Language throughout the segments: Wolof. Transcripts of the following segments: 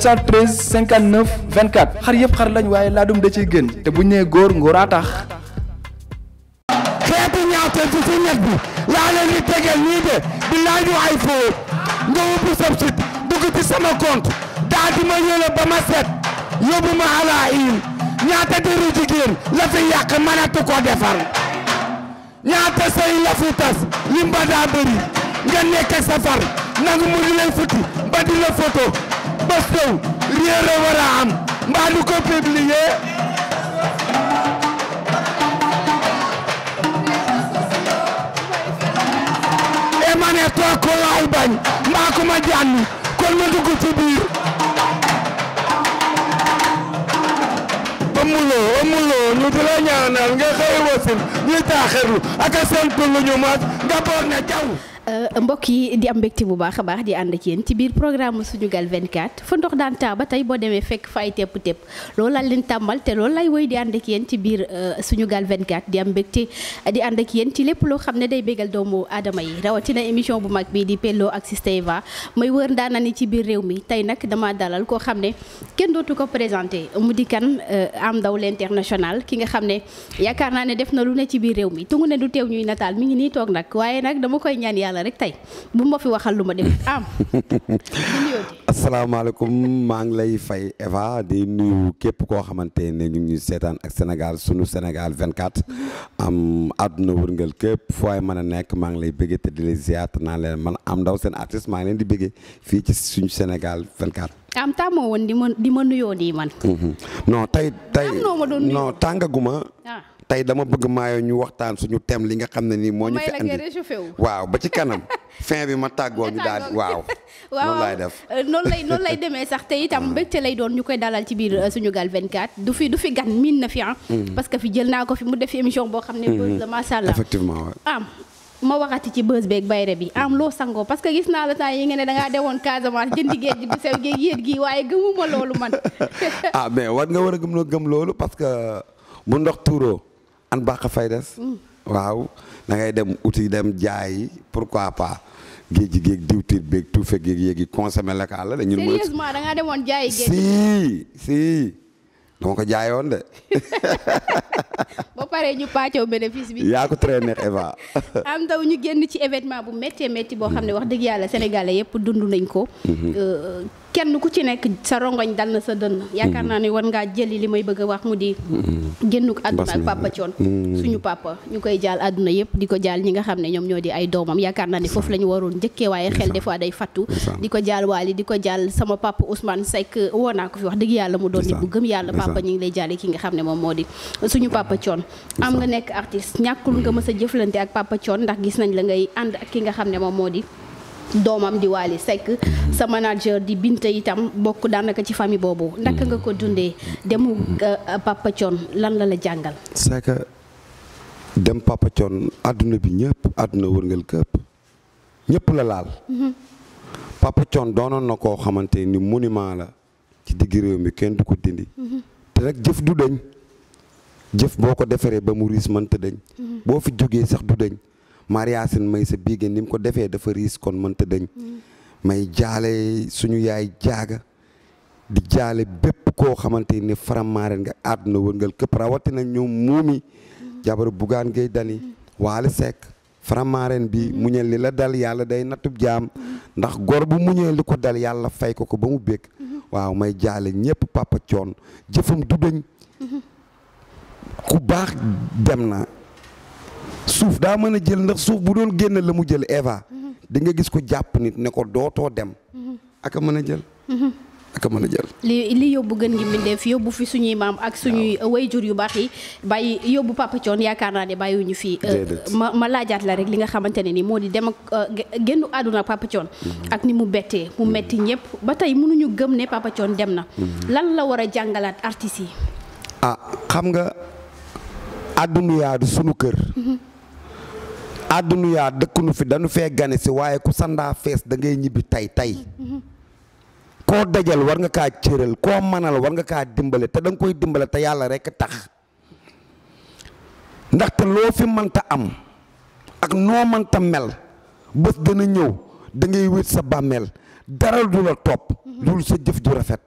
713 59 24 xar yëpp xar lañ waaye laadum da ciy gën te bu ñu nee góor ngóoraa tax. xeetu ñaawte ci si net bi laa leen di tegal nii de ay foo nga ubbi sab sit dugg ci sama compte daal ma yële ba ma set yóbbu ma ala in ñaata dëru jigéen la fi yàq mënatu ko defar ñaata say la tas lim ba bëri nga nekk ak sa far mu di leen futti ba la photo bés ñëw réer a mbaa du ko publier e eh, ma ne eh, toog ko laal bañ mbaa ku ma jànn kon ma dugg ci biir amuloo amuloo ñu di la ñaanal nga lu ñu mas nga boor ne caw Euh, mbokk yi di am mbégte bu baax a baax di ànd ak yéen ci biir programme Sunugal 24 fa ndox daan taa ba boo demee fekk fa ay tepp tepp loolu laa leen tàmbal te loolu lay woy di ànd ak yéen ci biir euh, Sunugal 24 di am mbégte di ànd ak yéen ci lépp loo xam ne day bégal doomu aadama yi ci rawatina émission bu mag bii di Pello ak Sisteva may wër na ni ci biir réew mi tey nag dama dalal koo xam ne kenn dootu ko présenté mu di kan euh, am ndaw l'international ki nga xam ne yaakaar naa ne def na lu ne ci biir mi tungu ne la rek tey bu ma fi waxal lu ma def am. asalaamaaleykum maa ngi lay fay Eva di nuyu képp koo xamante ne ñu ngi seetaan ak Sénégal sunu Sénégal 24 am àdduna wërngal képp fooy mën a nekk maa ngi lay bëggee te di lay ziar naa leen man am ndaw seen artiste maa leen di bëggee fii ci suñ Sénégal 24. am taamoo woon di ma di ma man. Mhm. non tey tey am noo tàngaguma. Ah. tey dama bëgg maayo ñu waxtaan suñu thème li nga xam ne nii moo ñu fi andi waaw ba ci kanam fin bi ma tàggoo ñu daal waaw noonu euh, lay def noonu lay demee sax te itam mm. te lay doon ñu koy dalal ci biir euh, Sunugal 24 du fi du fi gan miin na fi ah mm. parce que fi jël naa ko fi mu def émission boo xam ne mm-hmm. buzz la macha allah effectivement am ma waxati ci bës beeg bayre bi am loo sangoo parce que gis naa la temps yi nga ne da ngaa dewoon Casamance jëndi géej gi bu sew géej yéet gi waaye gëmuma loolu ah, mais war nga war a gëm noo gëm loolu parce que bu ndox tuuroo an baax faydas mm. waaw da ngay dem uti dem jaayi pourquoi pas géej géej diwtiir beeg tuufe géej yéegi consommé local la dañu. sérieusement jaayi géej. si si dama ko jaayoon ba pare ñu pàccoo bénéfice bi. yaa ko très neex Eva. am ndaw ñu génn ci événement bu méttee métti boo xam ne mhm. wax dëgg yàlla sénégalais yëpp dund nañ ko. Mhm. Euh, kenn ku ci nekk sa rongoñ dal na sa dënn. Mhm. yaakaar naa ne war ngaa jëli li may bëgg a wax mu di. génn ko àdduna ak papa Thione. suñu papa ñu koy jaal àdduna yëpp di ko jaal ñi nga xam ne ñoom ñoo di ay doomam yaakaar naa ne foofu la ñu waroon njëkkee waaye xel des fois day fattu. di ko jaal Waly di ko jaal sama papa Ousmane Seck woo naa ko fi wax dëgg yàlla mu doon nit bu gëm yàlla papa ñu ngi lay jaale ki nga xam ne di suñu papa Thione am nga nekk artiste ñàkkul nga mës a jëflante ak papa Thione ndax gis nañ la ngay ànd ak ki nga xam ne moom moo di doomam di Wally Seck sa manager di Binta itam bokk daanaka ci famille boobu naka nga ko dundee demu euh, Papa lan la la jàngal c'est que dem Papa àdduna bi ñëpp àdduna wërngal këpp ñëpp la laal mhm. Papa doonoon na koo xamante ni monument la ci digg réew mi kenn du ko dindi mhm. te rek jëf du deñ jëf boo ko defaree ba mu riis mënta dañ mm-hmm. boo fi jógee sax du dañ mariasin may sa biige ni mu ko defee dafa riis kon mënta dañ mm-hmm. may jaale suñu yaay jaaga di jaale bépp koo xamante ni faramaaren nga àdduna wërngal këpp rawatina ñoom muumi mm-hmm. jabaru bugaan gay dani waali sekk faramaaren bi muñal li la dal yàlla day natub jaam ndax gor bu muñee li ko dal yàlla fay ko ko ba mu bég waaw may jaale ñëpp papa coon jëfam du dañ ku baax dem na suuf daa mën a jël ndax suuf bu doon génn la mu jël Eva mm-hmm. di nga gis ko jàpp nit ne ko dootoo dem mm-hmm. ak mën a jël mm-hmm. mën a jël li yóbbu gën ngi mbindeef yóbbu fi suñuy maam ak suñuy wayjur yu baax yi bàyyi yóbbu Papa Thione yaakaar naa ne bàyyiwuñu fii euh, ma ma laajaat la rek li nga xamante ne ni moo di dem ak euh, génnu àdduna Papa Thione ak ni mu bettee mu metti ñëpp ba tey mënuñu gëm ne Papa Thione dem na lan la war a jàngalaat artistes yi ah, àdduna yaa du sunu kër àdduna yaa dëkkunu fi dañu fee gane si waaye ku sandaa fees da ngay ñibbi tey tey koo dajal war nga kaa cëral koo manal war nga kaa dimbale te danga koy dimbale te yàlla rekk tax ndaxte loo fi mënta am ak noo mënta mel bés dana ñëw dangay ngay wéet sa bàmmeel dara du la topp dul sa jëf ju rafet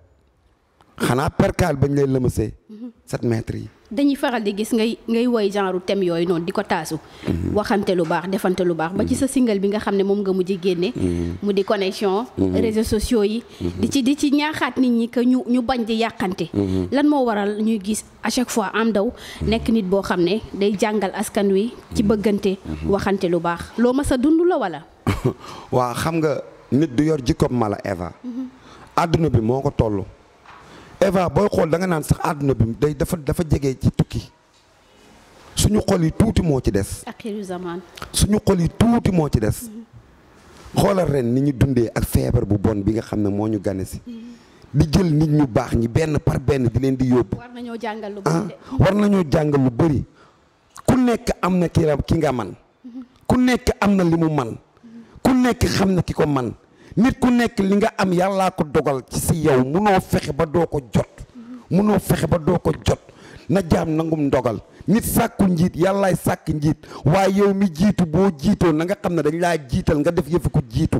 xanaa percal bañ lay lëmasee. Mhm. sept mètres yi. dañuy faral di gis ngay ngay woy genre thème yooyu noonu di ko taasu. Mhm. waxante lu baax defante lu baax. ba ci sa mhm. single bi nga xam ne moom nga mujj génne. mu di connexion. réseaux sociaux yi. di ci di ci ñaaxaat nit ñi que ñu ñu bañ di yàqante. lan moo waral ñuy gis à chaque fois am daw nekk nit boo xam ne day jàngal askan wi ci bëggante. waxante lu baax loo ma sa dund la wala. waa xam nga nit du yor jikkoom ma Eva. bi moo ko toll. Eva booy xool da nga naan sax àdduna bi day dafa dafa jege ci tukki suñu xol yi tuuti moo ci des. axiru zaman suñu xol yi tuuti moo ci des. xoolal ren ni ñu dundee ak feebar bu bon bi nga xam ne moo ñu gane si. di jël nit ñu baax ñi benn par benn di leen di yóbbu. war nañoo jàngal lu ah, bëri de. nañoo jàngal lu bëri ku nekk am na ki la ki nga man mhm. ku nekk am na li mu man ku nekk xam na ki ko man nit ku nekk li nga am yàllaa ko dogal ci si yow munoo fexe ba doo ko jot munoo fexe ba doo ko jot na jaam nangum ndogal nit sàkku njiit yàllaay sàkk njiit waaye yow mi jiitu boo jiitoo na nga xam ne dañ laa jiital nga def yëfu ko jiitu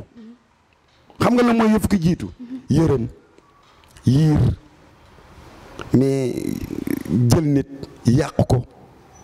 xam nga la mooy yëfu ko jiitu yërëm yiir mais jël nit yàq ko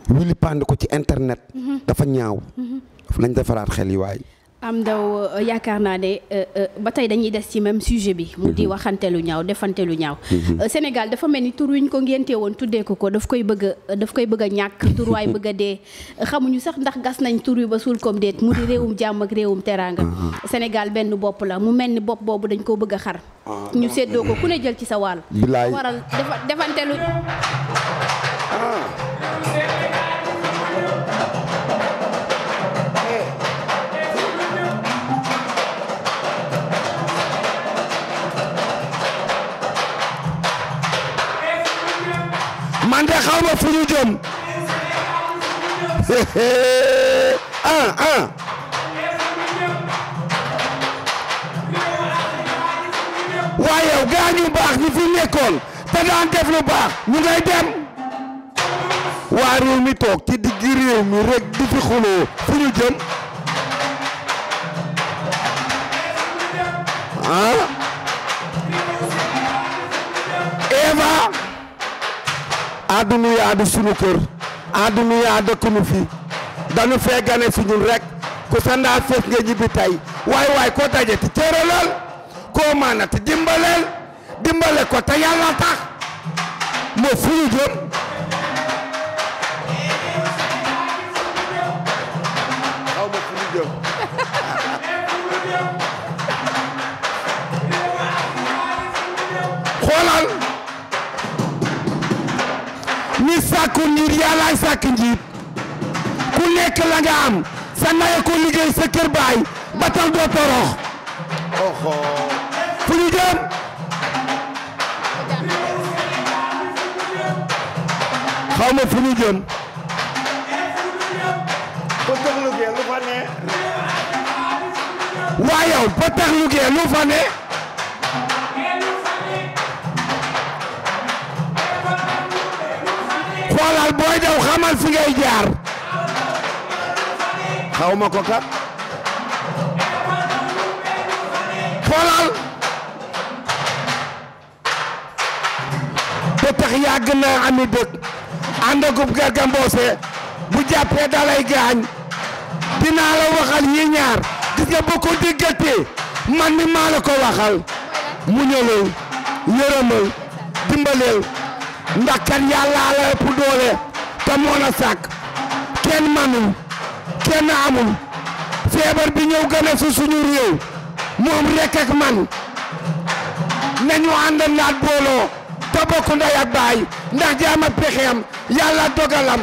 wili pand ko ci internet mhm. dafa ñaaw mhm. lañ defaraat xel yi waaye am ndaw euh, yaakaar naa ne euh, euh, ba tey dañuy des ci même sujet bi mu di mhm. waxante lu ñaaw defante lu ñaaw mhm. Sénégal dafa mel ni tur wiñ ko ngénte woon tuddee ko ko daf koy bëgg daf koy bëgg ñàkk tur waay bëgg dee xamuñu sax ndax gas nañ tur wi ba suul koom déet mu di réewum jàmm ak réewum teraanga mhm. Sénégal benn bopp la mu mel ni bopp boobu dañ koo bëgg a xar ah, ñu séddoo ko ku ne jël ci sa wàll waral defante lu ah. xaw ma fu ñu jëm ah ah waaye yow gaa baax ñu fi nekkoon te daan def lu baax ñu ngay dem waa réew mi toog ci digg réew mi rek di fi xuloo fu ñu jëm ah. àdduna yaa di sunu kër àdduna yaa dëkkunu fi dañu fee gane si ñun rek ku sa fees nga ñibbi tey waay waay koo daje te cëralal koo maanati dimbaleel dimbale ko te yàlla tax moo fu ñu xoolal ni sàkku niir yàllaay njiit ku nekk la nga am sa ko liggéey sa baay ba doo torox fu ñu jëm xaw fu ñu jëm waaye yow ba tax lu gee lu fa ne daal booy daw xamal fi ngay jaar xaw ko kat xoolal te tax yàgg naa ami dëkk ànd akub Garga Mbossé bu jàppee dalay gaañ dinaa la waxal yi ñaar gis nga bu ko diggante man mi maa ko waxal muñalal yërëmal dimbaleel ndax kat yàllaa la ëpp doole te moo la sàkk kenn manul kenn amul feebar bi ñëw gën a su suñu réew moom rek ak man nañu àndandaat booloo te bokk ndey ak baay ndax jaam ak pexeem yàlla dogalam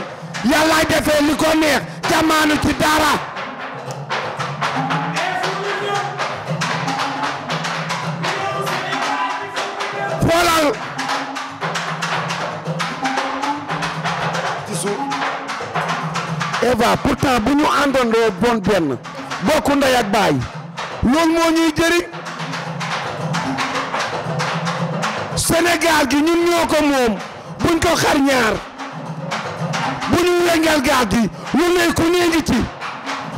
yàlla defee li ko neex te ci dara va pourtant bu ñu àndandoo bon benn bokku ndey ak baay loolu moo ñuy jëriñ Sénégal gi ñun ñoo ko moom buñ ko xar ñaar bu ñu wengal gaal gi lu ne ku ne ci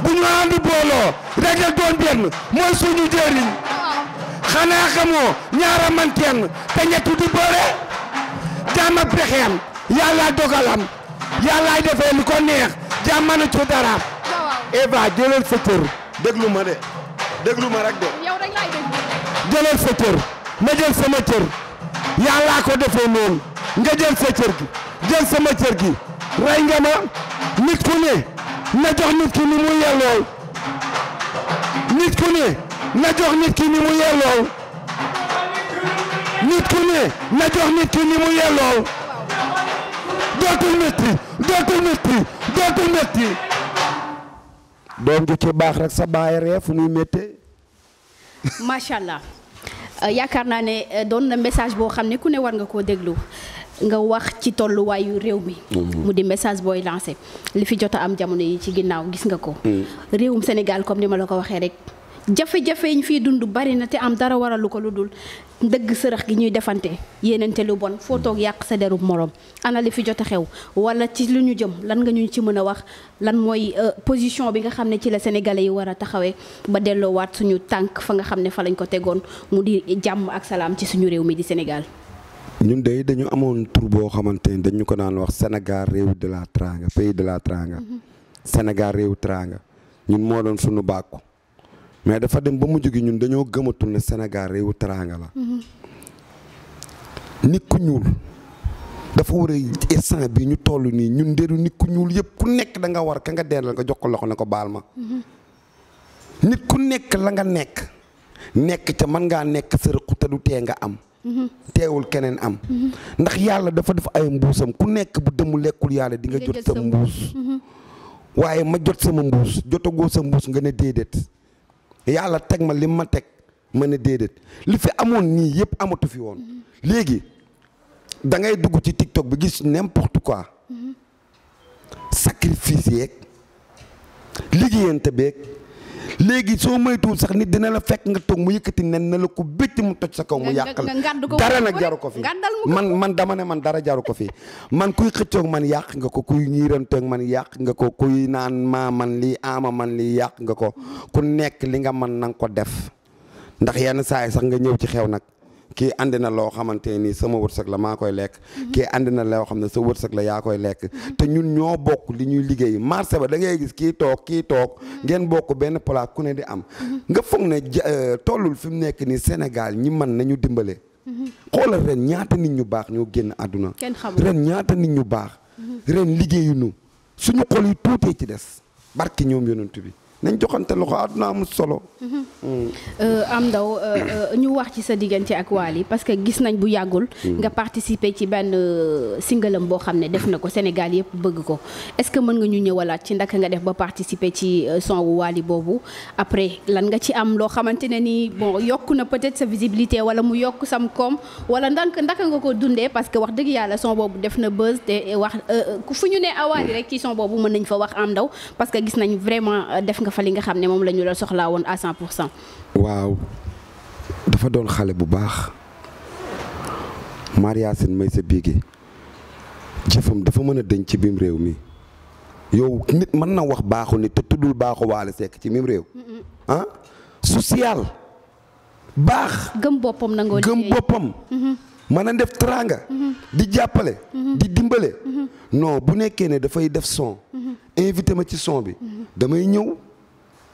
bu ñu ànd booloo rek doon benn mooy suñu jëriñ xanaa xamoo ñaara man kenn te ñettu di boole jàmm ak pexeem dogalam yàllaay defee lu ko neex jàmmanu ci dara. Eva jëlal sa cër. déglu ma de déglu ma rek de. yow rek laay déglu. jëlal sa ma jël sama cër ko defee noonu nga jël sa cër gi jël sama cër gi rey nga ma nit ku ne na jox nit ki ni mu yellool nit ku ne na jox nit ki ni mu yellool nit nit ki dootul métti dootul dootul métti doom ju ci baax rek sa baay ree fu muy méttee macha allah euh, yaakaar naa ne euh, doon na message boo xam ne ku ne war nga koo déglu nga wax ci tolluwaayu réew mi. Mm-hmm. mu di message booy lancé li fi jot am jamono yi ci ginnaaw gis nga ko. Mm. réewum Sénégal comme ni ma la ko waxee rek. jafe-jafe yi ñu fiy dund bari na te am dara waralu ko lu dul ndëgg sërëx gi ñuy defante yéenante lu bon foo toog yàq sa derub moroom ana fi jot a xew wala ci lu ñu jëm lan nga ñu ci mën a wax lan mooy euh, position bi nga xam ne ci la sénégalais yi war a taxawee ba delloowaat suñu tànk fa nga xam ne fa lañ ko tegoon mu di jàmm ak salaam ci suñu réew mi di Sénégal. ñun de dañu amoon tur boo xamante ni dañu ko daan wax Sénégal réew de la Teranga pays de la Teranga. Mhm. Sénégal réew Teranga ñun moo doon suñu bàkku mais dafa dem ba mu gi ñun dañoo gëmatu ne Sénégal réewu teraanga la mm-hmm. nit ku ñuul dafa war a instant bi ñu toll nii ñun déedu nit ku ñuul yëpp ku nekk da nga war ka nga dendal nga jox ko loxo ne ko baal ma mm-hmm. ku nekk la nga nekk nekk ca mën ngaa nekk sa te nga am mm-hmm. teewul keneen am ndax yàlla dafa def ay mbuusam ku nekk bu demu lekkul yàlla di nga jot sa mbuus waaye ma jot sama mbuus jotagoo sa mbuus nga ne déedéet yàlla teg ma lim ma teg ma ne déedéet li fi amoon nii yëpp amatu fi woon léegi dangay dugg ci TikTok bi gis n'importe quoi mm-hmm. sacrifice yeeg liggéeyante beeg léegi soo moytuwul sax nit dina la fekk nga toog mu yëkkati nen na la ko bëcc mu toj sa kaw mu yàq la dara nag jaru ko fi man man dama ne man dara jaru ko fi man kuy xëccoog man yàq nga ko kuy ñiiranteeg man yàq nga ko kuy naan maa man lii aama man lii yàq nga ko ku nekk li nga man nanga ko def ndax yenn saa yi sax nga ñëw ci xew nag kii andi na loo xamante nii sama wërsëg la maa koy lekk kii andi na loo xam ne sa wërsëg la yaa koy lekk te ñun ñoo bokk li ñuy liggéey marché ba dangay gis kii toog kii toog ngeen bokk benn place ku ne di am nga foog ne euh, tollul fi mu nekk nii Sénégal ñi mën nañu dimbale xoolal ren ñaata nit ñu baax ñoo génn àdduna ren ñaata nit ñu baax ren liggéeyuñu suñu xol yi tuutee ci des barki ñoom yonent bi nañ joxante loxo àdduna amul solo. Mm-hmm. Euh, am ndaw euh, euh, ñu wax ci sa diggante ak Wally parce que gis nañ bu yàggul. Mm-hmm. nga participer ci benn singalam boo xam ne def na ko Sénégal yëpp bëgg ko est-ce que mën nga ñu ñëwalaat ci ndaka nga def ba participer ci son wu Wally boobu après lan nga ci am loo xamante ne ni bon yokk na peut-être sa visibilité wala mu yokk sam koom wala ndank ndaka nga ko dundee parce que wax dëgg yàlla son boobu def na buzz te wax fu ñu ne Wally rek ci son boobu mën nañ fa wax am nga fa nga xam ne moom la ñu la soxlaa woon à 100 pour waaw dafa doon xale bu baax Maria Sène may sa biige jëfam dafa mën a denc ci biim réew mi yow nit mën na wax baaxu nit te tuddul baaxu waalo sekk ci biim réew ah social baax. gëm boppam nangoo gëm boppam. Mm-hmm. mën a def teraanga. Mm-hmm. di jàppale. Mm-hmm. di dimbale. non bu nekkee ne dafay def son. invité ci son bi. damay ñëw.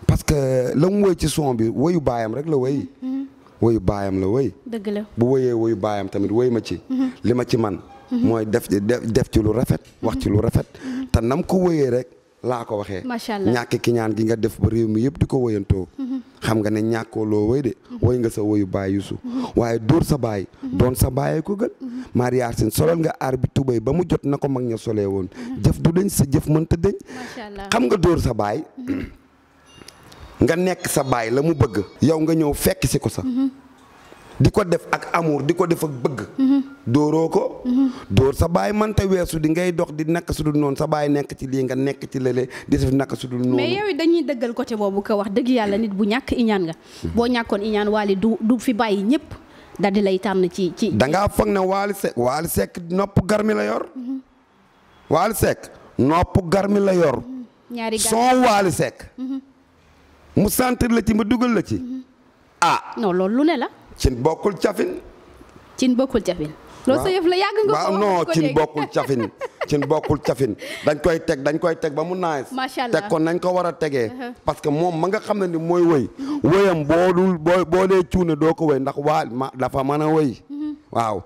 parce que la mu woy ci son bi woyu baayam rek la woy woyu baayam la woy dëgg bu woyee woyu baayam tamit woy ma ci mhm. li ma ci man mooy def def ci lu rafet wax ci lu rafet mhm. te nam ko woyee rek laa ko waxee macha ñàkk ki ñaan gi nga def ba réew mi yëpp di ko woyantoo mhm. xam nga ne ñàkkoo loo woy de woy nga sa woyu baay yusu waaye dóor sa baay doon sa baayee ko gën Maria Arsène solal nga aar bi tubay ba mu jot na ko mag ña solee woon jëf du deñ sa jëf mënta deñ xam nga dóor sa baay nga nekk sa baay la mu bëgg yow nga ñëw fekk si ko sa di ko def ak amour di ko def ak bëgg dóoroo ko dóor sa baay mënta weesu di ngay dox di nakk su dul noonu sa baay nekk ci lii nga nekk ci lële di def nakk su dul noonu mais yooyu dañuy dëggal côté boobu ko wax dëgg yàlla nit bu ñàkk iñaan nga boo ñàkkoon iñaan waali du du fi bàyyi ñëpp dal di lay tànn ci ci dangaa foog ne waali sekk sekk nopp garmi la yor waali sekk nopp garmi la yor ñaari waali sekk mu sentir la ci ma dugal la ci. Mm-hmm. ah non loolu lu ne la. cin bokkul cafin. cin bokkul cafin. loolu sa yëf bokkul cafin cin bokkul cafin dañ koy teg dañ koy teg ba mu naaj. macha allah teg ko nañ ko war a tegee. Uh-huh. parce que moom ma nga xam ne ni mooy woy mm-hmm. woyam boo dul boo boo dee cuune doo ko woy ndax waa ma dafa mën a woy mm-hmm. waaw.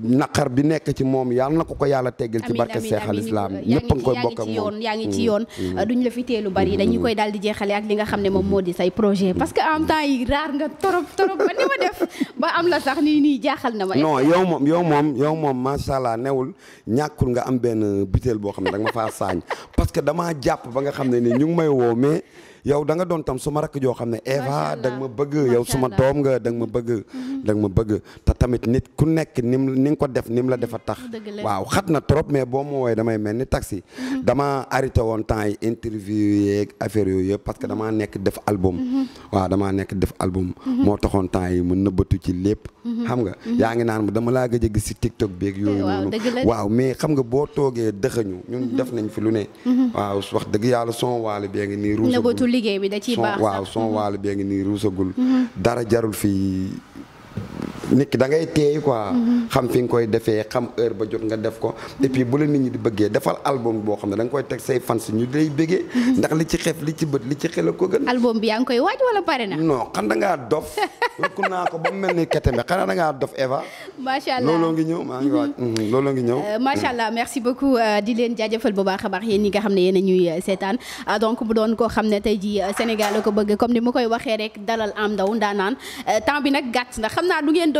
naqar bi nekk ci moom yàlla na ko ko yàlla teggal ci barke Seex al lislaam ñëpp a ngi koy bokk ak moom yaa ngi ci yoon mm, mm. Euh, duñ la fi teelu bari dañu koy daal di jeexale ak li nga xam ne moom moo di say projet parce que en temps yi raar nga torop torop ba ni ma def ba am la sax nii nii jaaxal na ma non yow moom yow moom yow moom macha allah newul ñàkkul nga am benn butéel boo xam ne danga ma faa saañ parce que damaa jàpp ba nga xam ne ni ñu may woo yow da nga doon tam suma rakk joo xam ne Eva da nga ma bëgg yow suma doom nga da ma bëgg mhm. da ma bëgg te tamit nit ku nekk nim ni nga ko def ni mu la defa tax waaw xat na trop mais boo ma woowee damay mel ni taxi mhm. dama arrêté woon temps yi interview yeeg affaire yooyu yëpp parce que damaa mhm. nekk def album waaw damaa nekk def album moo taxoon temps yi mu nëbbatu ci lépp xam nga yaa ngi naan dama laa gëj a gis si TikTok beeg yooyu eh, noonu waaw mais xam nga boo toogee dëxañu ñun def nañ fi lu ne waaw wax dëgg yàlla son waale bee liggéey bi da ciy baax. waaw son mhm. waalo bee ngi nii ruusagul. Mhm. dara jarul fii. nit ki da ngay teey quoi. Mm-hmm. xam fi nga koy defee xam heure ba jot nga def ko. Mm-hmm. et bu la nit ñi di bëggee defal album boo xam ne da nga koy teg say fans ñu lay bëggee. Mm-hmm. ndax li ci xef li ci bët li ci xel a ko gën. album bi yaa ngi koy waaj wala pare na. non xam da ngaa dof rëkku ba mu mel ni ketem bi xanaa da ngaa dof Eva. macha allah looloo ngi ñëw maa ngi waaj looloo ngi ñëw. Euh, macha allah merci beaucoup euh, di leen jaajëfal bu baax a baax yéen ñi nga xam ne yéen a ñuy euh, seetaan donc bu doon koo xam ne tey jii Sénégal la ko bëgg comme ni ma koy waxee rek dalal am ndaw ndaanaan temps bi nag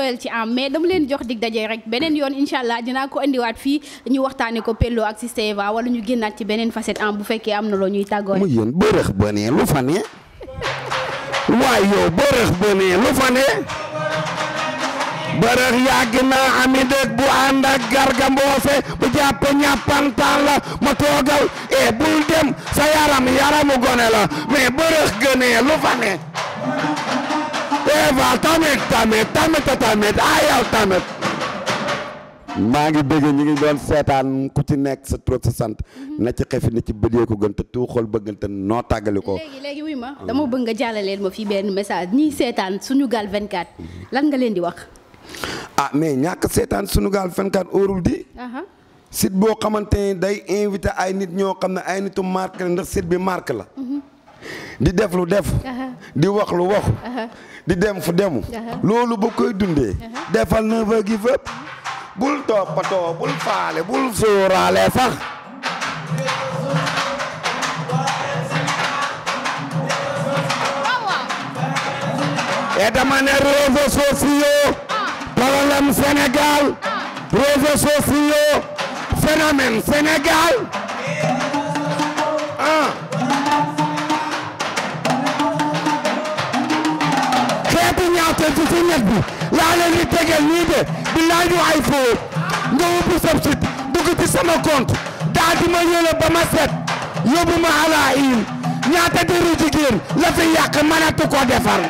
doyal ci am mais dama leen jox dig daje rek beneen yoon incha allah dina ko indiwaat fii ñu waxtaane ko Pello ak Sister Eva wala ñu génnaat ci beneen facette am bu fekkee am na loo ñuy tàggoo mu yéen bërëx ba ne lu fa ne waay yow bërëx ba ne yàgg naa ami dëkk bu ànd ak garga mboose bu jàpp ñàppantaan la ma toogal e bul dem sa yaram yaramu gone la mais bërëx gënee lu fa ne Eva tamit tamit tamit ayaw tamit. maa ngi bëgg ñu ngi doon seetaan ku ci nekk sa trop sa sant. Mhm. na ci xefi na ci bëdee ko gën te tuuxal bëggante noo tàggali ko. léegi léegi wuy ma mhm. dama bëgg nga jàllaleel ma fii benn message ñiy seetaan Sunugal 24 mhm. lan nga leen di wax. ah mais ñàkk seetaan Sunugal 24 óorul di. site boo xamante ne day invité ay nit ñoo xam ne ay nitu marque la ndax site bi marque la. di def lu def di wax lu wax di dem fu demu loolu ba koy dundee defal na gi fépp bul toppatoo bul faale bul sóoraale sax e dama sociaux ah. problème Sénégal ah. réseaux sociaux phénomène Sénégal eh. ah. ñaawteef ci net bi laa leen di tegal nii de di laaju ay foo nga ubbi sa site dugg ci sama compte daa di ma yële ba ma set yóbbu ma ala il ñaata deru jigéen la fi yàq mënatu ko defar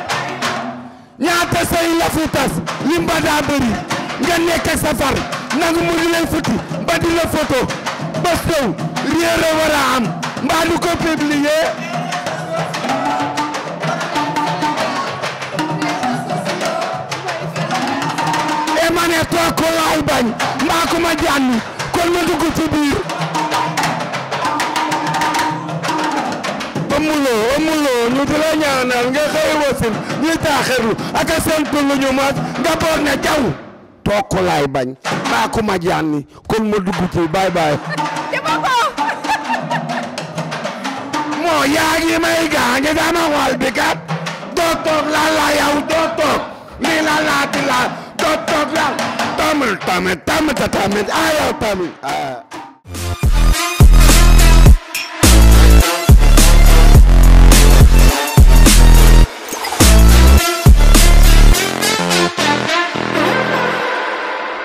ñaata sëy la fi tas lim ba bëri nga nekk safar nangu mu di lay futti ba di la photo ba sow réer a war a am mbaa du ko publier ma ne toog ko laay mbaa ku ma jànni kon ma dugg ci biir amuloo amuloo ñu di la ñaanal nga xëy wasin ñuy taaxirlu ak a sant lu ñu mas nga boog ne jaw toog ko laay bañ mbaa ku ma jànni kon ma baay baay moo yaa ngi may gaañ dama wal bi kat doo toog laa laa yow doo toog lii toog toog daal tamul tamit tamit tamit aywa tamit